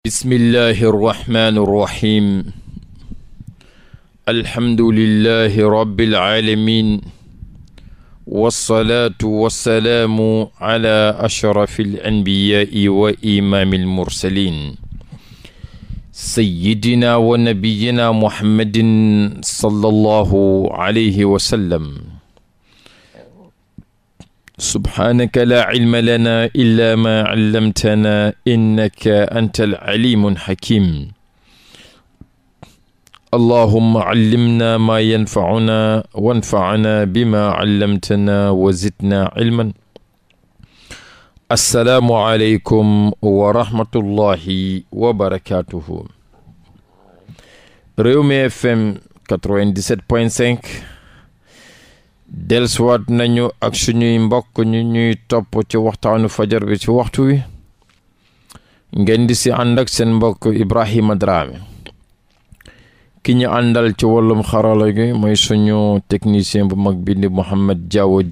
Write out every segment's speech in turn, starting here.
bismillahi irrahmani irrahim alhamdulillahi rabbil aalamin wassalaatu wassalaamu ala ashrafi alanbiyaai wa imaami almursalin sayyidina wa nabiyina muhammadin sallallahu alayhi wa sallam subhaanaka laa ilma lanaa illaa maa allamtanaa innaka antal aliimun hakiim allahumma allimnaa maa yanfacunaa wanfacanaa bimaa allamtanaa wa zidnaa ilman assalaamu aleykum wa rahmatullahi wa barakaatuhu Rewmi FM 97.5 delsuwaat nañu ak suñuy mbokk ñu ñuy topp ci waxtaanu fajar bi ci waxtu wi ngeen di si ànd ak seen mbokk Ibrahima Drame ki ñu àndal ci wàllum xarala gi mooy suñu technicien bu mag bi di Mouhamed Diawo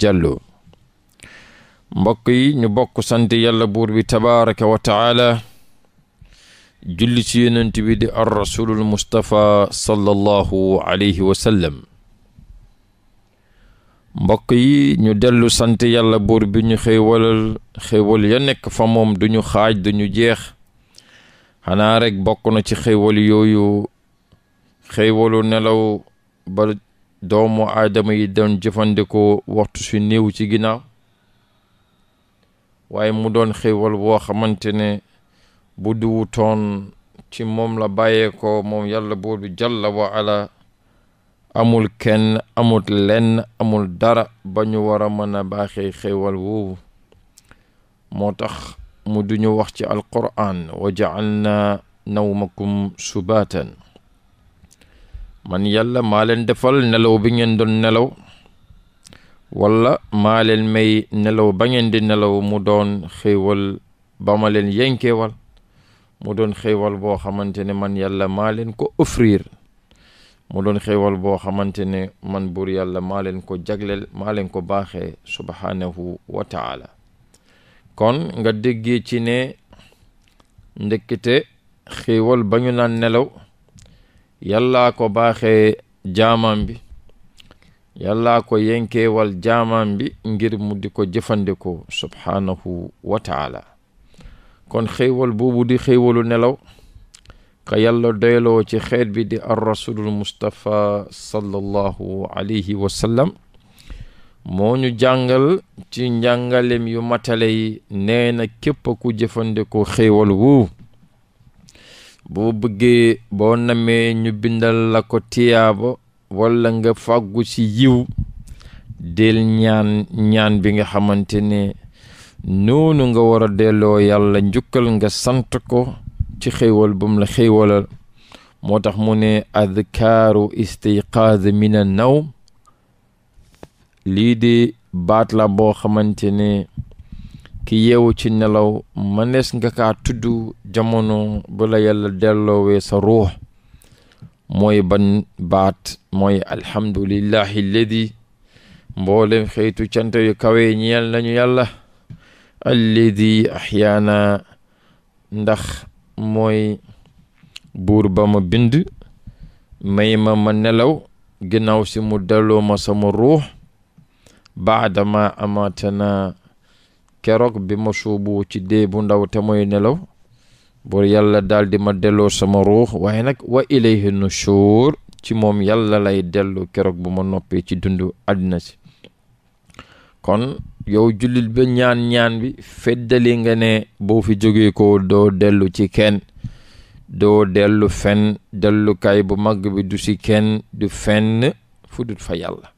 mbokk yi ñu bokk sant yàlla buur bi tabaraka wa taala julli ci yonent bi di ar rasulul mustapha sallallahu alayhi wa mbokk yi ñu dellu sant yàlla buur bi ñu xéewalal xéewal ya nekk fa moom duñu xaaj duñu jeex xanaa rekk bokk na ci xéewal yooyu xéewalu nelaw ba doomu aadama yi doon jëfandikoo waxtu si néew ci ginaaw waaye mu doon xéewal boo xamante ne bu duwutoon ci moom la bàyyee moom yàlla buur bi jàlla wa ala amul kenn amul lenn amul dara ba ñu war a mën a baaxee xéewal woowu moo tax mu duñu wax ci alquran wa ja'alna nawmakum subaatan man yàlla maa leen defal nelaw bi ngeen doon nelaw wala maa leen may nelaw ba ngeen di nelaw mu doon xéewal ba ma leen yenkeewal mu doon xéewal boo xamante ne man yàlla maa leen ko offrir mu doon xéewal boo xamante ne man buur yàlla maa ko jagleel maa leen ko baaxe subhaanahu wa taala kon nga déggee ci ne ndekkite xéewal ba naan nelaw yàllaa ko baaxee jaamam bi yàllaa ko yenkewal jaamam bi ngir mu di ko jëfandikoo subhaanahu wa taala kon xéewal boobu di nelaw ka yàlla doyloo ci xeet bi di ar rasulul mustapha sallallahu alayhi moo ñu jàngal ci njàngalem yu matale yi nee na képp ku jëfandikoo xéewal wu boo bëggee boo namee ñu bindal la ko tiyaaba walla nga fàggu ci yiw del ñaan ñaan bi nga xamante ne noonu nga war a delloo yàlla njukkal nga sant ko ci xéewal bu mu la xéewalal moo tax mu ne adkaaru istiqaaz min an nawm lii di baat la boo xamante ne ki yeewu ci nelaw mënees nga kaa tudd jamono bala la yàlla delloowee sa ruux mooy ban baat mooy alhamdulillahi alladi mboolem xëytu cant yu kawe ñeel lañu yàlla alladi axyaana ndax mooy buur ba ma bind may ma ma nelaw ginnaaw si mu delloo ma sama ruux baadama amatana keroog bi ma suubu ci dee bu ndaw te mooy nelaw buur yàlla daldi ma delloo sama ruux waaye nag wa ilayhi nushur ci moom yalla lay dellu keroog bu ma noppee ci dundu àddina si kon yow jullit ba ñaan-ñaan bi feddali nga ne boo fi jógee ko doo dellu ci kenn doo dellu fenn dellukaay bu mag bi du ci kenn du fenn fu dut fa yàlla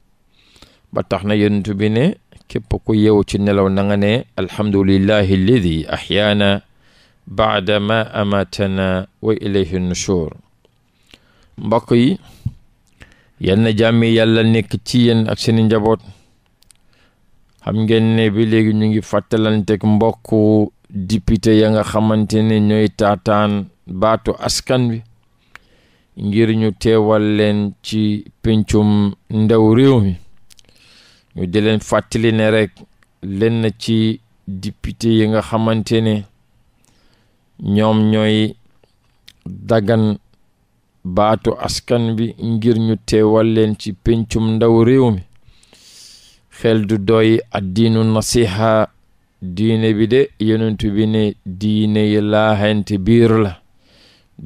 ba tax na yonent bi ne képp ku ci nelaw na ne alhamdulillahi alladi ahyaana baada ma amatana wa ilayhi nushur mbokk yi yenn jàmmi yàlla nekk ci yéen ak seeni njaboot xam ngeen ne bi léegi ñu ngi fàttalanteeg mbokku député ya nga xamante ne ñooy taataan baatu askan wi ngir ñu teewal leen ci pencum ndaw réew mi ñu di fàttali ne rek lenn ci député yi nga xamante ne ñoom ñooy dagan baatu askan bi ngir ñu teewal leen ci pencum ndaw réew mi fel du doy addiinu nasiha diine bi de yonent bi ne diine yi laaxante biir la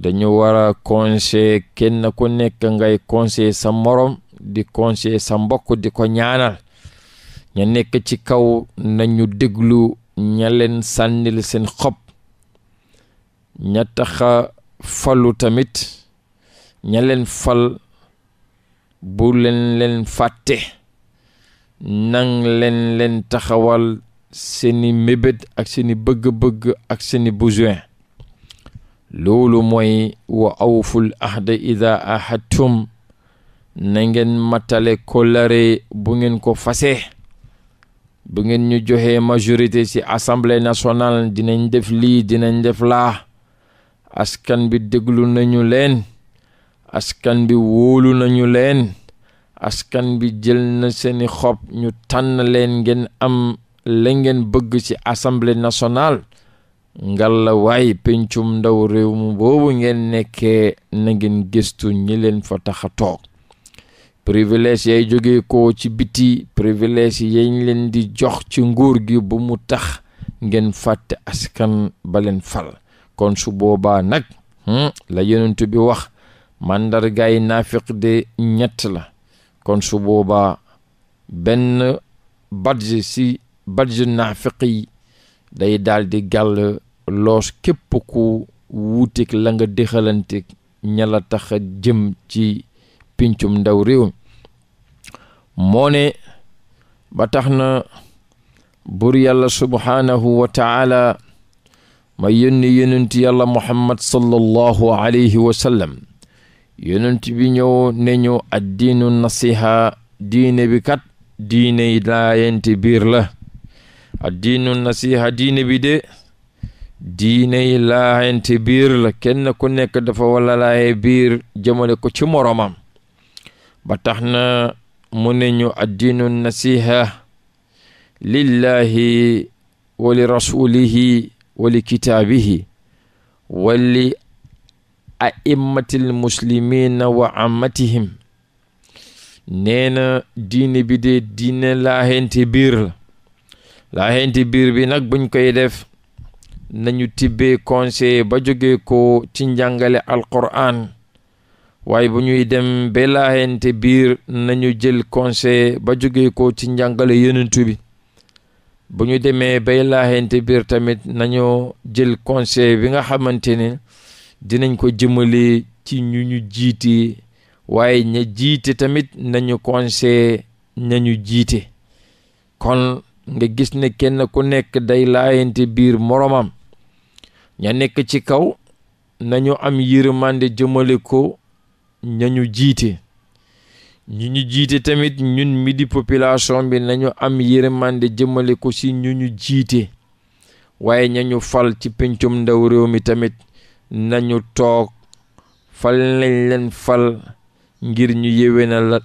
dañu wara a conseil kenn ku nekk ngay conseil sa morom di conseil sa mbokk di ko ñaanal ña nekk ci kaw nañu déglu ña leen sànnil xob ña taxa falu tamit ña fal bu len leen fàtte nang leen leen taxawal seeni mébét ak seeni bëgg-bëgg ak seeni besoin loolu mooy wa awful ahda ida ahadtum na ngeen matale kolare bu ngeen ko fase bu ngeen ñu joxe majorité ci assemblée nationale dinañ def lii dinañ def laa askan bi déglu nañu leen askan bi wóolu nañu leen askan bi jël na seeni xob ñu tànn leen ngeen am la ngeen bëgg ci assamble nationale ngal la waay pencum ndaw réew mu boobu ngeen nekkee na ngeen gëstu ñi leen fa tax a toog privilège yay jóge ko ci biti privilège yañ leen di jox ci nguur gi bu mu tax ngeen fàtte askan ba leen fal kon su boobaa nag hmm, la yonent bi wax màndargaay naafiq de ñett la kon su boobaa benn badge si badge naafiq yi day daldi di gàll loos képp ku wuuteeg langa nga dexalanteeg ña tax a jëm ci pincum ndaw réew moo ba tax na buur yàlla subhaanahu wa taala ma yenn yonent yàlla muhammad sallallahu alayhi wa yonent bi ñëw ne ñu addiinu nasiha diine bi kat diine yi laayante biir la addiinu nasiha diine bi de diine yi laayante biir la kenn ku nekk dafa wala laaye biir jëmale ko ci moromam ba tax na mu ne ñu addiinu nasiha lillahi wa li rasulihi wa kitaabihi wa aimmatil muslimina wa ammatihim nee na diine bi de diine laahente biir la laahente biir bi nag buñ koy def nañu tibbee conseil ba jóge ko ci njàngale alquran waaye bu ñuy dem ba laahente biir nañu jël conseil ba jóge ko ci njàngale yenentu bi bu ñu demee bay biir tamit nañu jël conseil bi nga xamante dinañ ko jëmale ci ñu ñu jiite waaye ña jiite tamit nañu conseil nañu jiite kon nga gis ne kenn ku nekk day laayante biir moromam ña nekk ci kaw nañu am yërmande jëmale ko ñañu jiite ñu ñu jiite tamit ñun mi di population bi nañu am yërmande jëmale ko ci ñu ñu jiite waaye ñañu fal ci pencum ndaw réew mi tamit nañu toog fal leen fal ngir ñu yéwéna la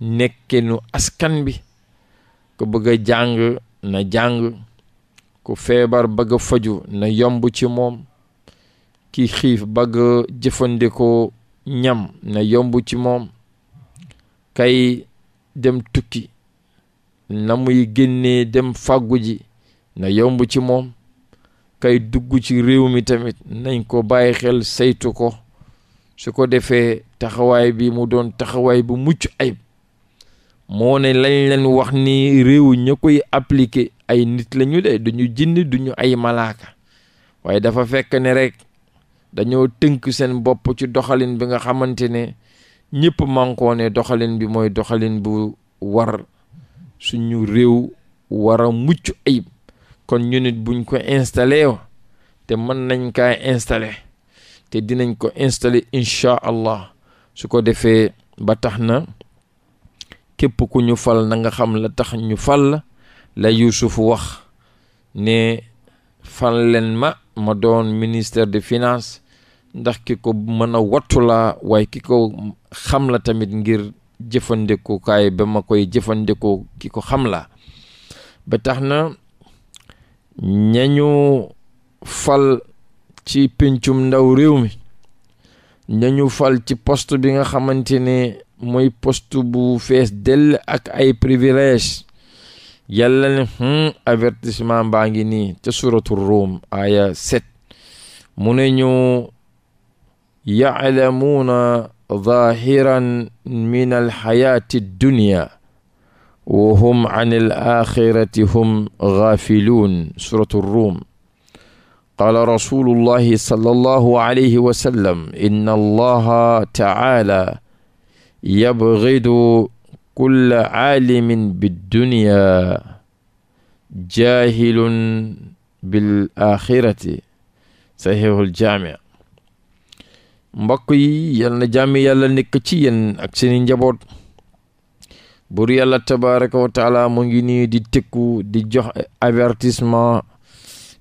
nekkenu askan bi ku bëgg a jàng na jàng ku feebar bëgg a faju na yomb ci moom ki xiif bëgg jëfandikoo ñam na yomb ci moom kay dem tukki na muy génnee dem fàggu ji na yomb ci moom kay dugg ci réew mi tamit nañ ko bàyyi xel saytu ko su ko defee taxawaay bi mu doon taxawaay bu mucc ayib moo ne lañ leen wax ni réew ña koy appliquer ay nit la ñu de duñu jinn duñu ay malaaka waaye dafa fekk ne rekk dañoo tënk seen bopp ci doxalin bi nga xamante ne ñëpp mànkoo ne doxalin bi mooy doxalin bu war suñu réew wara mucc ayib kon ñu buñ ko installé wa te mën nañ kaa installé te dinañ ko installé incha allah su ko defee ba tax na képp ku ñu fal na nga xam la tax ñu fal la Yuusuf wax ne fal leen ma ma doon ministère de finance ndax ki ko mën a wattu laa waaye ki ko xam la tamit ngir jëfandikukaay ba ma koy jëfandikoo ki ko xam la ba tax na ñañu fal ci pincum ndaw réew mi ñañu fal ci poste bi nga xamante ne mooy poste bu fees dell ak ay privilège yàlla ne hum avertissement baa ngi nii ca suratu Rum aya sept mu ne ñu ya ya'lamuuna zahiran min alxayaati dunia wa hum an al axirati hum gaafiluun suratu ruum qaala rasulullahi sallallahu alayhi wa sallam inna allaha taala yabgidu kulla caalimin biddunya jaahilun bil axirati saxiixul jaami mbokk yi yal na jàmmi yàlla nekk ci yéen ak seeni njaboot buur yàlla tabaraka wa taala mu ngi nii di tëkku di jox avertissement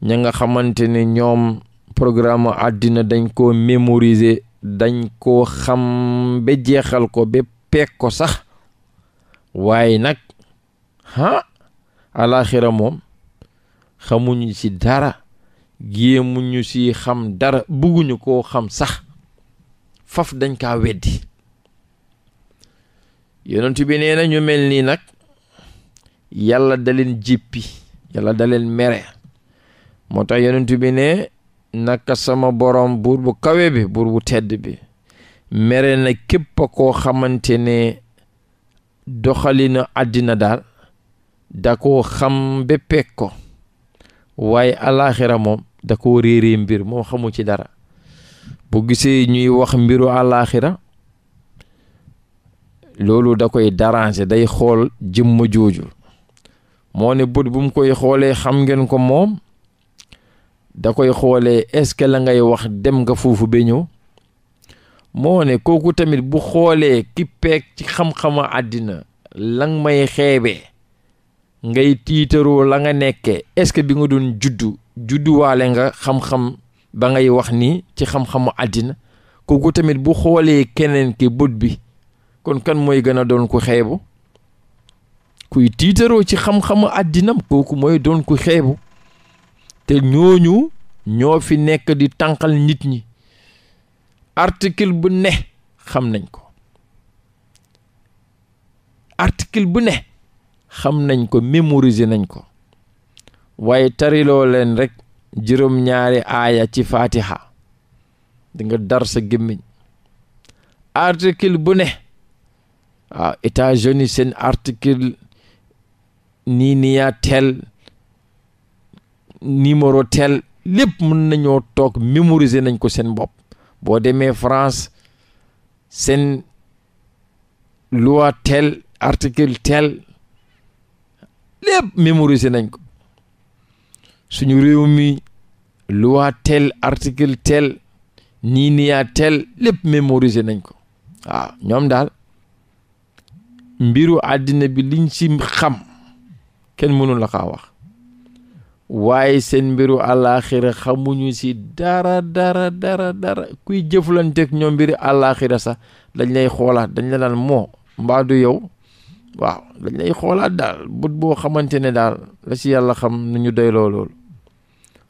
ña nga xamante ne ñoom programme àddina dañ koo mémoriser dañ ko xam ba jeexal ko ba peeg ko sax waaye nag ah alaxira moom xamuñu ci dara géemuñu ci xam dara bugguñu koo xam sax faf dañ kaa weddi yonent bi nee na ñu mel nii nag yàlla da leen jéppi yàlla mere moo tax yonent bi ne naka sama borom buur bu kawe bi buur bu tedd bi mere na képp koo xamante ne doxalina àddina daal da koo xam ba ko waaye alaaxira moom da koo réeree mbir moom xamu ci dara bu gisee ñuy wax mbiru alaaxira loolu da koy déranger day xool jëmm jooju moo ne bët bu mu koy xoolee xam ngeen ko moom da koy xoolee est-ce que la ngay wax dem nga foofu ba ñëw moo ne kooku tamit bu xoolee ki peeg ci xam-xama àddina lang may xeebe ngay tiitaroo la nga nekkee est-ce que bi nga doon juddu judduwaale nga xam-xam ba ngay wax ni ci xam-xamu àddina kooku tamit bu xoolee keneen ki bët bi kon kan mooy gën a doon ko xeebu kuy tiitaroo ci xam-xamu àddinam kooku mooy doon ko xeebu te ñooñu ñoo fi nekk di tànqal nit ñi article bu ne xam nañ ko article bu ne xam nañ ko mémoriser nañ ko waaye tariloo leen rekk juróom-ñaari aaya ci faatiha di dar sa gémmiñ article bu ne waaw ah, États-Unis seen article nii niya tel numéro tel lépp mën nañoo toog mémoriser nañ ko seen bopp boo demee France seen loi tel article tel lépp mémoriser nañ ko suñu réew mi loi tel article tel nii niya tel lépp mémoriser nañ ko waaw ah, ñoom daal mbiru àddina bi liñ ci xam kenn mënul la kaa wax waaye seen mbiru àllaaxira xamuñu ci dara dara dara dara kuy jëflanteek ñoo mbiru àllaaxira sax dañ lay xoolaat dañ la daan moo mbaa du yow waaw dañ lay xoolaat daal but boo xamante ne daal la ci yàlla xam nañu ñu doy loolu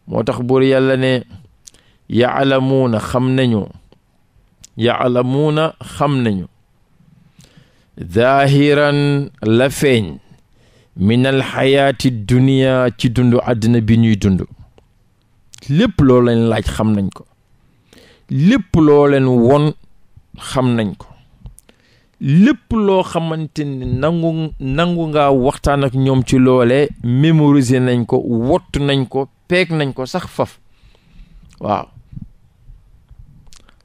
moo tax buur yàlla ne yaalamuuna xam nañu yaalamuuna xam nañu zaahiran la feeñ nal xayaati duniya ci dundu àddina bi ñuy dund lépp loo laaj xam nañ ko lépp loo won xam nañ ko lépp loo xamante nangu nangu ngaa waxtaan ak ñoom ci loole mémoriser nañ ko wottu nañ ko peek nañ ko sax faf waaw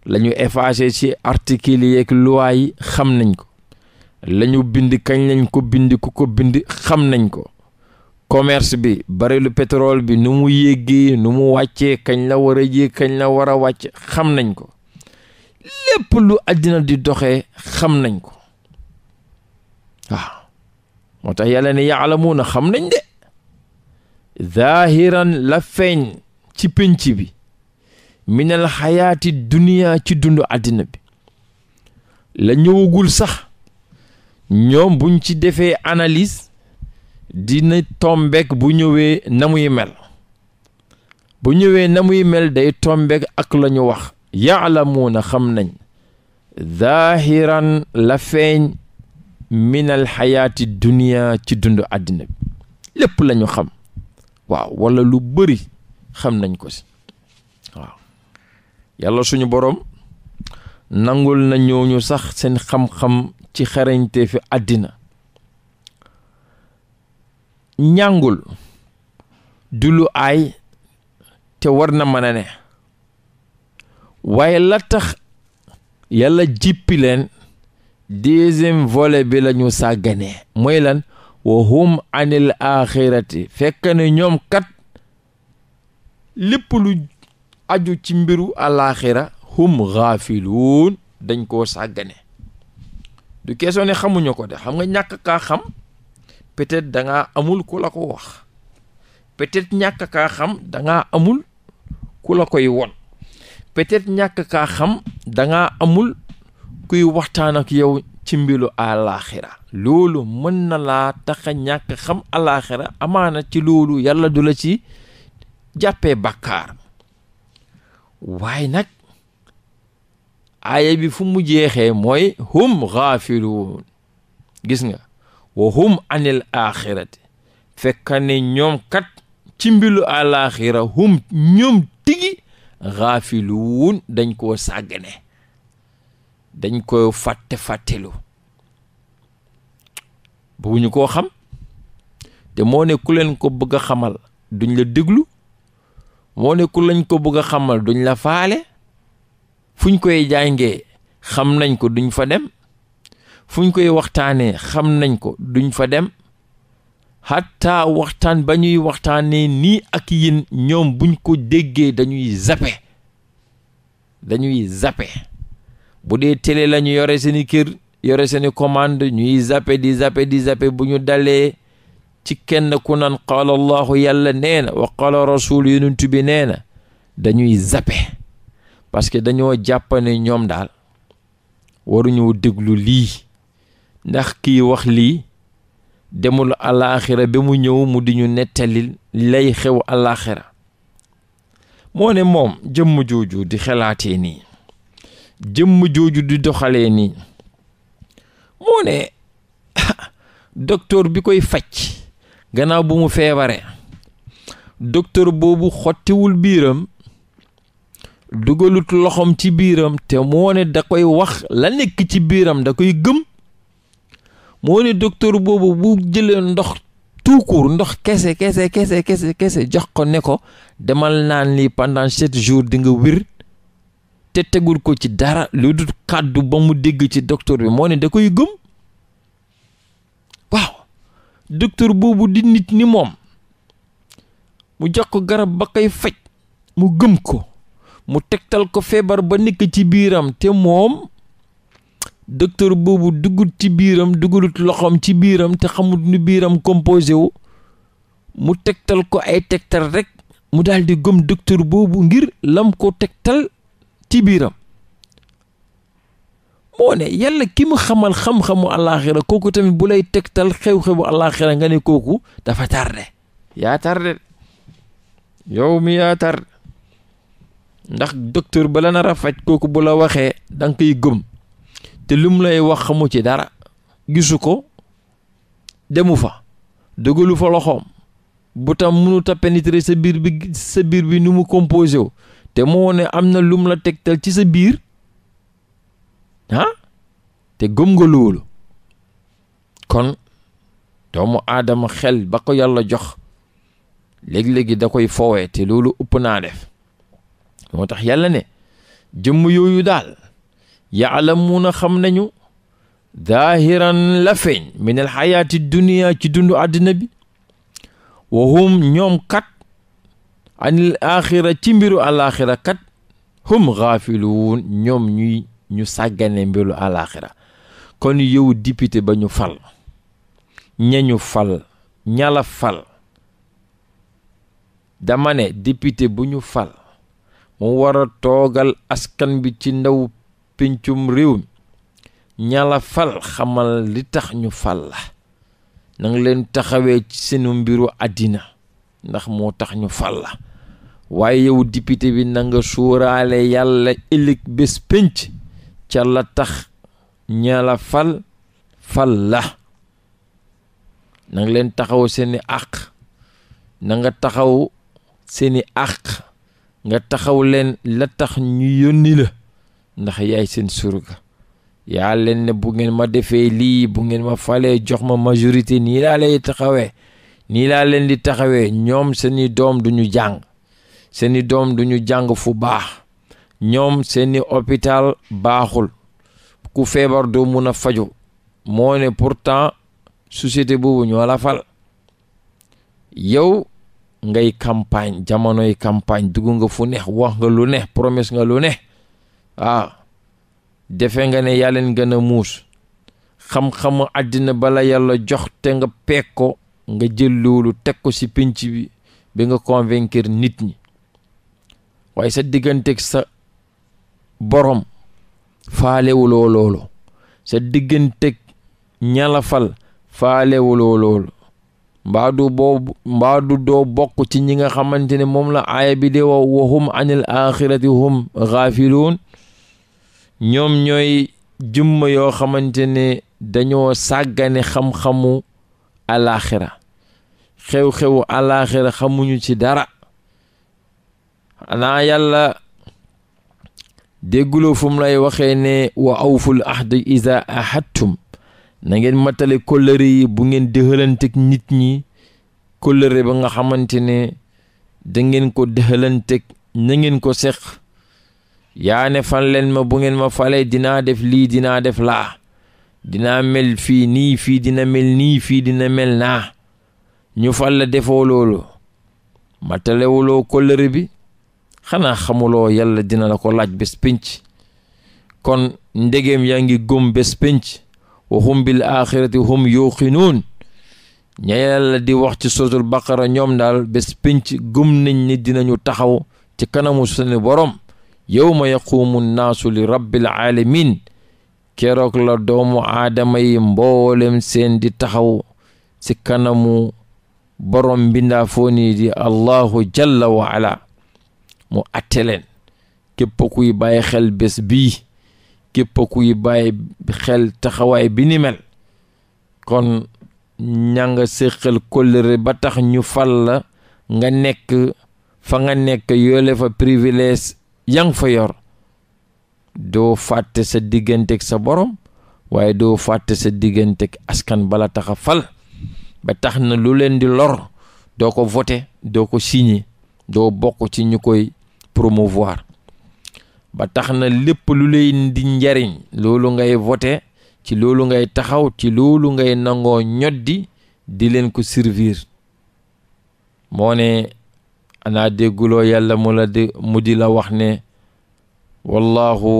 lañu ñu ci article yeeg loi xam nañ ko lañu bind kañ lañ ko bind ku ko bind xam nañ ko commerce bi barelu pétrole bi nu mu yéegee nu mu wàccee kañ la war kañ la war a wàcc xam nañ ko lépp lu àddina di doxee xam nañ ko waaw moo tax yàlla ne yaalamuuna xam nañ de zaahiran la feeñ ci pénc bi la xayaati duniya ci dundu àddina bi la ñëwagul sax ñoom buñ ci defee analyse dina tombeek bu ñëwee na mel bu ñëwee namuy mel day tombeek ak la ñu wax na xam nañ zaahiran la feeñ minal xayaati dunia ci dund àddina bi lépp lañu xam waaw walla lu bëri xam nañ ko si waaw yàlla suñu boroom nangul na ñooñu sax seen xam-xam ci xarañte fi àddina ñàngul du ay te war na mën a ne waaye la tax yàlla jippi leen deuxième bi lañu ñu sàgganee lan wa hum anil axirati fekk ñoom kat lépp lu aju ci mbiru alaxira hum xaafiluun dañ ko sàggane du question ne xamuñu ko de xam nga ñàkk kaa xam peut-être dangaa amul ku la ko wax peut-être ñàkk kaa xam amul ku la koy won peut-être ñàkk kaa xam dangaa amul kuy waxtaan ak yow ci mbilu àllaaxira loolu mën na laa tax ñàkk xam àllaaxira amaana ci loolu yàlla du la ci jàppee bàkkaar waaye nag aaya bi fu mu jeexee mooy hum xaafiluun gis nga wa hum anil axirati fekka ne ñoom kat ci mbilu alaxira hum ñoom tigi xaafiluun dañ koo sàggane dañ koy fàtte-fàttelu bëgguñu koo xam te moo ne ku leen ko bëgg xamal duñ la déglu moo ne ku lañ ko bëgg a xamal duñ la faale fuñ koy jàngee xam nañ ko duñ fa dem fuñ koy waxtaanee xam nañ ko duñ fa dem hatta waxtaan ba ñuy waxtaanee nii ak yéen ñoom buñ ko déggee dañuy zappe dañuy zappe bu dee télé lañu yore seeni kër yore seeni commande ñuy zappe di zappe di zappe bu ñu dalee ci kenn ku nan qaala allahu yàlla nee na wa qaala rasul yonent bi nee na dañuy zappe parce que dañoo jàpp ne ñoom daal waruñu déglu lii ndax kii wax lii demul alaaxira ba mu ñëw mu di ñu nettali lay xew alaaxira moo ne moom jëmm jooju di xelaatee nii jëmm jooju di doxalee nii moo ne docteur bi koy faj gannaaw bi mu feebaree docteur boobu xottiwul biiram dugalut loxoom ci biiram te moo ne da koy wax la nekk ci biiram da koy gëm moo ne docteur boobu bu jëlee ndox tuukur ndox kese kese kese kese kese jox ko ne ko demal naan lii pendant sept jours dinga nga wir te tegul ko ci dara lu dul kàddu ba mu dégg ci docteur bi moo da koy gëm waaw docteur boobu di nit ni moom mu jox ko garab ba koy faj mu gëm ko mu tegtal ko feebar ba nekk ci biiram te moom docteur boobu duggut ci biiram duggulut loxoom ci biiram te xamut nu biiram composé wu mu tegtal ko ay tegtal rekk mu daldi di gëm docteur boobu ngir lam ko tegtal ci biiram moo ne yàlla ki xamal xam-xamu àllaaxira kooku tamit bu lay tegtal xew-xewu àllaaxira nga ne kooku dafa tardé yaa tardé yow mi yaa tardé ndax docteur ba la nar faj kooku bu la waxee da nga koy gëm te lu mu lay wax xamu ci dara gisu ko demu fa dëgalu fa loxoom bu tam mënut a sa biir bi sa biir bi nu mu composé wu te moo ne am na lum la tegtal ci sa biir ah te gëm nga loolu kon doomu aadama xel ba ko yàlla jox léegi-léegi da koy foowee te loolu ëpp naa def moo tax yàlla ne jëmm yooyu daal yaalamuuna xam nañu daahiran la feeñ min al xayaati dunia ci dundu àddina bi wahum ñoom kat anil axira ci mbiru alaxira kat hum xaafiluun ñoom ñuy ñu sàggane mbiru alaxira kon yow député ba ñu fal ñañu fal ñala fal dama ne député bu ñu fal mu war a toogal askan bi ci ndaw pincum réew mi ñala fal xamal li tax ñu fal la nanga leen taxawee ci mbiru àddina ndax moo tax ñu fal la waaye yow député bi nanga suuraale yàlla ëllëg bés pénc ca la tax ñala fal la nanga leen taxaw seeni àq na taxaw seeni àq nga taxaw leen la tax ñu yónni la ndax yaay seen surga yaa leen ne bu ngeen ma defee lii bu ngeen ma falee jox ma majorité nii laa lay taxawee nii laa leen di taxawee ñoom seeni doom duñu jàng seeni doom duñu jàng fu baax ñoom seeni hôpital baaxul ku feebar doo mun a faju moo ne pourtant société boobu ñoo la fal yow ngay campagne jamonoy campagne dugg nga fu neex wax nga lu neex promesse nga lu ne waaw ah, defe nga ne yaa leen gën a muus xam-xamu àddina bala yàlla jox te nga peeg ko nga jël loolu teg ko ci pinc bi bi nga convaincre nit ñi waaye sa digganteeg sa borom faalewuloo loolu sa digganteeg ñalafal faalewuloo loolu mbaadu boo mbaadu doo bokk ci ñi nga xamante ne moom la aaya bi de wax wa hum anil axirati hum gaafiluun ñoom ñooy jumma yoo xamante ne dañoo sàggane xam-xamu alaaxira xew-xewu alaaxira xamuñu ci dara xanaa yàlla dégguloo fum lay waxee ne wa awful ahdi iza ahadtum nangeen ngeen matale kóllëre yi bu ngeen dëxalanteeg nit ñi kóllëre ba nga xamante ne da ko dëxalanteeg na ngeen ko seq yaa ne fan leen ma bu ngeen ma falee dinaa def lii dinaa def laa dinaa mel fii nii fii dina mel nii fii dina mel naa ñu fal la defoo loolu matalewuloo bi xanaa xamuloo yalla dina la ko laaj bés pénc kon ndegem yaa ngi góom bés pénc wa hum bil hum yuqinuun ña di wax ci suratul baqara ñoom daal bés pinc gëm nañ ni dinañu taxaw ci kanamu seen borom yowma yaquumu nnaasu li rabbil aalamin keroog la doomu aadama yi mboolem seen di taxaw ci kanamu borom mbindaa fooni di allahu jalla wa ala mu atte leen képp kuy xel bés bii képp kuy bàyyi xel taxawaay bi ni mel kon ña nga séqal kóllëre ba tax ñu fal la nga nekk fa nga nekk yoole fa privilège ya nga fa yor doo fàtte sa diggante ak sa boroom waaye doo fàtte sa diggante ak askan bala tax a fal ba tax na lu leen di lor doo ko voté doo ko signé doo bokk ci ñu koy promouvoir ba tax na lépp lu lay di njariñ loolu ngay vote ci loolu ngay taxaw ci loolu ngay nangoo ñoddi di leen ko servir moo ne anaa dégguloo yàlla mu di la wax ne wallahu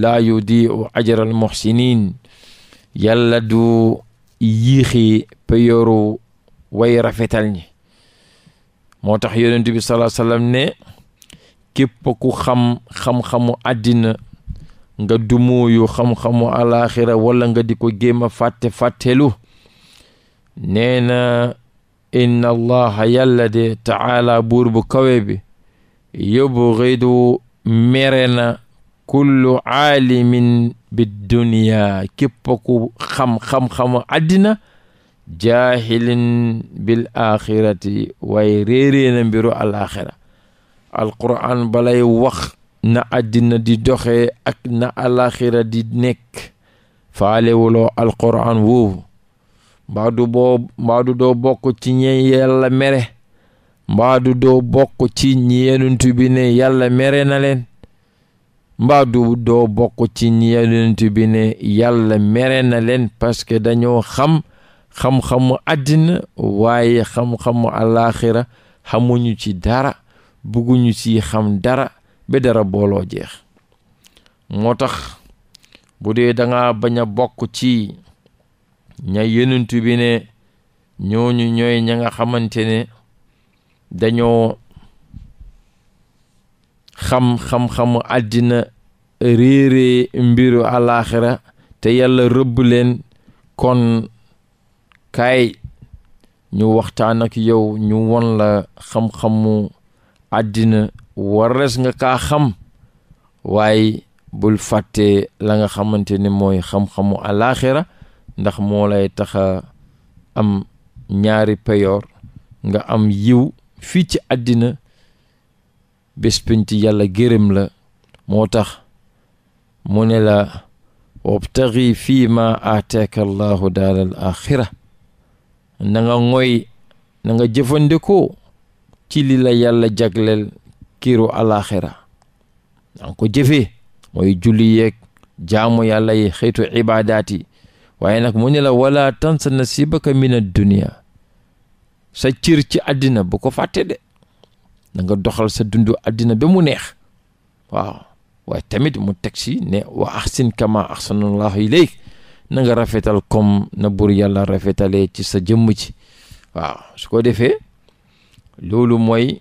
laa yudiu ajral muhsinin yàlla du yiixi peyoru way rafetal ñi moo tax yonent bi salaa sallam ne képp ku xam xam-xamu àddina nga dumooyu xam-xamu alaxira wala nga di ko géem a fàtte-fàttelu nee na inna allaha yàlla de taala buur bu kawe bi yubghidu mere na kullu aalimin bi duniya képp ku xam xam-xamu àddina jaahilin bil axirati waaye na mbiru alaxira alquran balay wax na àddina di doxee ak na alaxira di nekk faalewuloo alquran woowu mbaadu boo doo bokk ci ñeen yàlla mere mbaadu doo bokk ci ñi yenentu bi ne yàlla mere na leen mbaadu doo bokk ci ñi yenentu bi ne yàlla mere na leen parce que dañoo xam xam-xamu àddina waaye xam-xamu alaxira xamuñu ci dara bëgguñu ci xam dara ba dara booloo jeex moo tax bu dee danga bañ a bokk ci ña yenentu bi ne ñooñu ñooy ña nga xamante ne dañoo xam xam-xamu àddina réeree mbiru àllaaxira te yàlla rëbb leen kon kaay ñu waxtaan ak yow ñu won la xam-xamu àddina warees nga kaa xam waaye bul fàtte la nga xamante ne mooy xam-xamu alaaxira ndax moo lay tax am ñaari peyoor nga am yiw fii ci àddina bés pénc yàlla gërëm la moo tax mu ne la wabtaxi fii ma aataaka allahu daaral axira na nga ngoy nga jëfandikoo ci li la yàlla jagleel kiiru alaxira na ko jëfee mooy julli yeeg jaamu yàlla yi xëytu ibaadaat waaye nag mu ne la wala tansa nasibaka min ad-dunya sa cër ci àddina bu ko fàtte de na doxal sa dundu àddina bi mu neex waaw waaye tamit mu teg si ne wa ahsin kama ahsanallahu ilayk na rafetal comme na buur yàlla rafetalee ci sa jëmm ci waaw su ko defee loolu mooy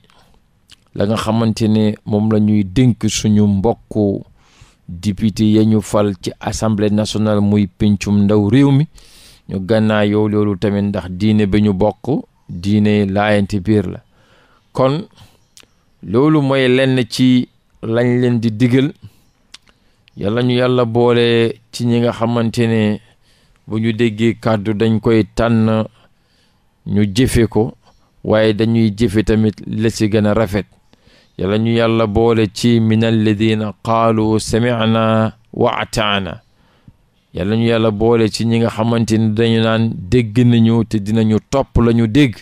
la nga xamante ne moom lañuy ñuy dénk suñu mbokk député yañu fal ci assemblée nationale muy pencum ndaw réew mi ñu gànnaa yow loolu tamit ndax diine ba ñu bokk diine laayante biir la kon loolu mooy lenn ci lañ leen di diggal yàlla ñu yàlla boole ci ñi nga xamante ne bu ñu déggee kàddu dañ koy tànn ñu jëfe ko waaye dañuy jëfe tamit la si gën a rafet yàlla ñu yàlla boole ci minal alladina qaalu sami'na wa ataana yàlla ñu yàlla boole ci ñi nga xamante ni dañu naan dégg nañu te dinañu topp lañu ñu dégg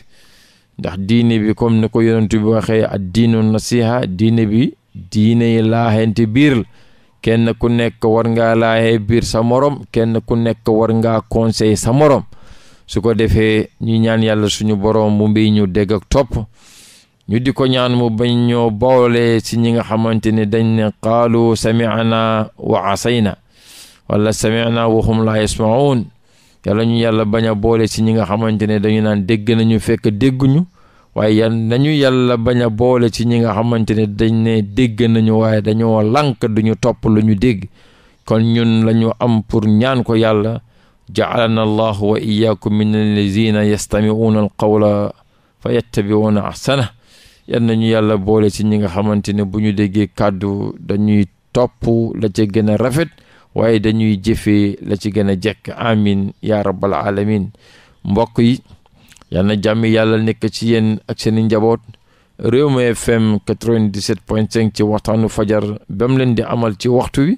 ndax diine bi comme ni ko yonent bi waxee ak diinu nasiha diine bi diine yi biir kenn ku nekk war ngaa laahee biir sa morom kenn ku nekk war ngaa conseil sa morom su ko defee ñu ñaan yàlla suñu boroom mu mbi ñu dégg ak topp ñu di ko ñaan mu bañ ñoo boole si ñi nga xamante ne dañ ne qaalu sami'na wa asayna wala sami'na wa hum la yasma'un yàlla ñu yàlla bañ a boole ci ñi nga xamante ne dañu naan dégg nañu fekk dégguñu waaye yal nañu yàlla bañ a boole ci ñi nga xamante ne dañ ne dégg nañu waaye dañoo lànk duñu topp lu ñu dégg kon ñun lañu am pour ñaan ko yàlla jacalana allahu wa iyaakum min allazina yastamiuuna alqawla fa yattabiuuna ahsana yan nañu yàlla boole ci ñi nga xamante ne bu ñu déggee kàddu dañuy topp la ca gën a rafet waaye dañuy jëfee la ci gën a jekk amin ya rabbal alamin mbokk yi yal na jàmm yàlla nekk ci yéen ak seeni njaboot Rewmi FM 97.5 ci waxtaanu fajar bam leen di amal ci waxtu wi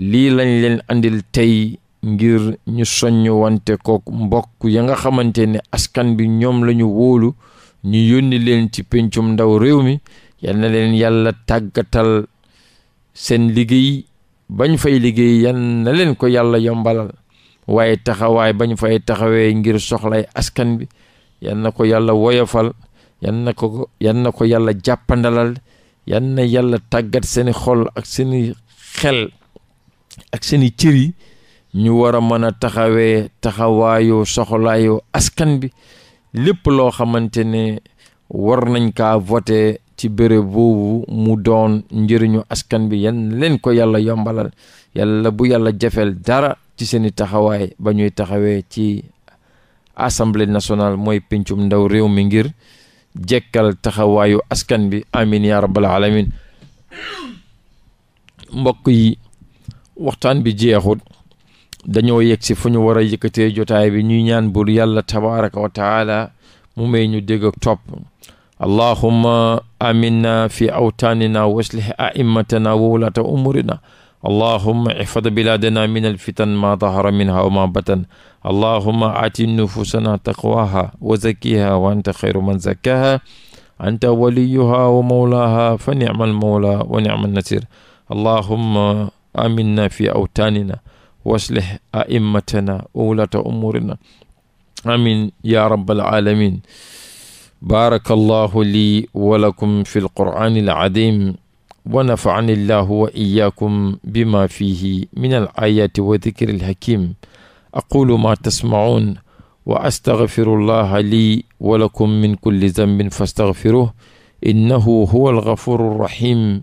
lii lañ leen andil tey ngir ñu soññ wante kook mbokk ya nga xamante ne askan bi ñoom lañu ñu wóolu ñu yónni leen ci pencum ndaw réew mi yal na leen yàlla tàggatal seen liggéey bañ fay liggéey yal na leen ko yàlla yombalal waaye taxawaay bañ fay taxawee ngir soxlay askan bi yal na ko yàlla woyofal yal na ko yàlla jàppandalal yal na yàlla tàggat seeni xol ak seeni xel ak seeni cër yi ñu war a mën a taxawee taxawaayu soxlaayu askan bi lépp loo xamante ne war nañ kaa vote ci béréb boobu mu doon njëriñu askan bi yan leen ko yàlla yombalal yàlla bu yàlla jafeel dara ci seeni taxawaay ba ñuy taxawee ci assemblée nationale mooy pencum ndaw réew mi ngir jekkal taxawaayu askan bi amin ya rabbal alamin mbokk yi waxtaan bi jeexut dañoo yegg si fu ñu war a yëkkatee bi ñuy ñaan bur yàlla tabaraka mu may ñu dégg ak topp allahumma aminna fi awtaanina wa aslih a'immatana wa wulaata umurina allahumma ihfad min alfitan ma dahara minha wa ma batan allahumma aati nufusana taqwaha wa zakkiha wa man zakkaha anta waliyuha wa mawlaha fa nicma almawla wa nicma annasir allahumma aminna fi awtaanina waslih a'immatana wa wulata umurina amin ya rabbal alamin baarakallahu lii wa lakum fi lqur'ani alazim wa nafa'ani llahu wa iyyakum bima fihi min alayati wa dikri alhakim aqulu ma tasma'un wa astaghfirullaha lii wa lakum min kulli dhanbin fastaghfiruhu innahu huwa alghafuru arrahim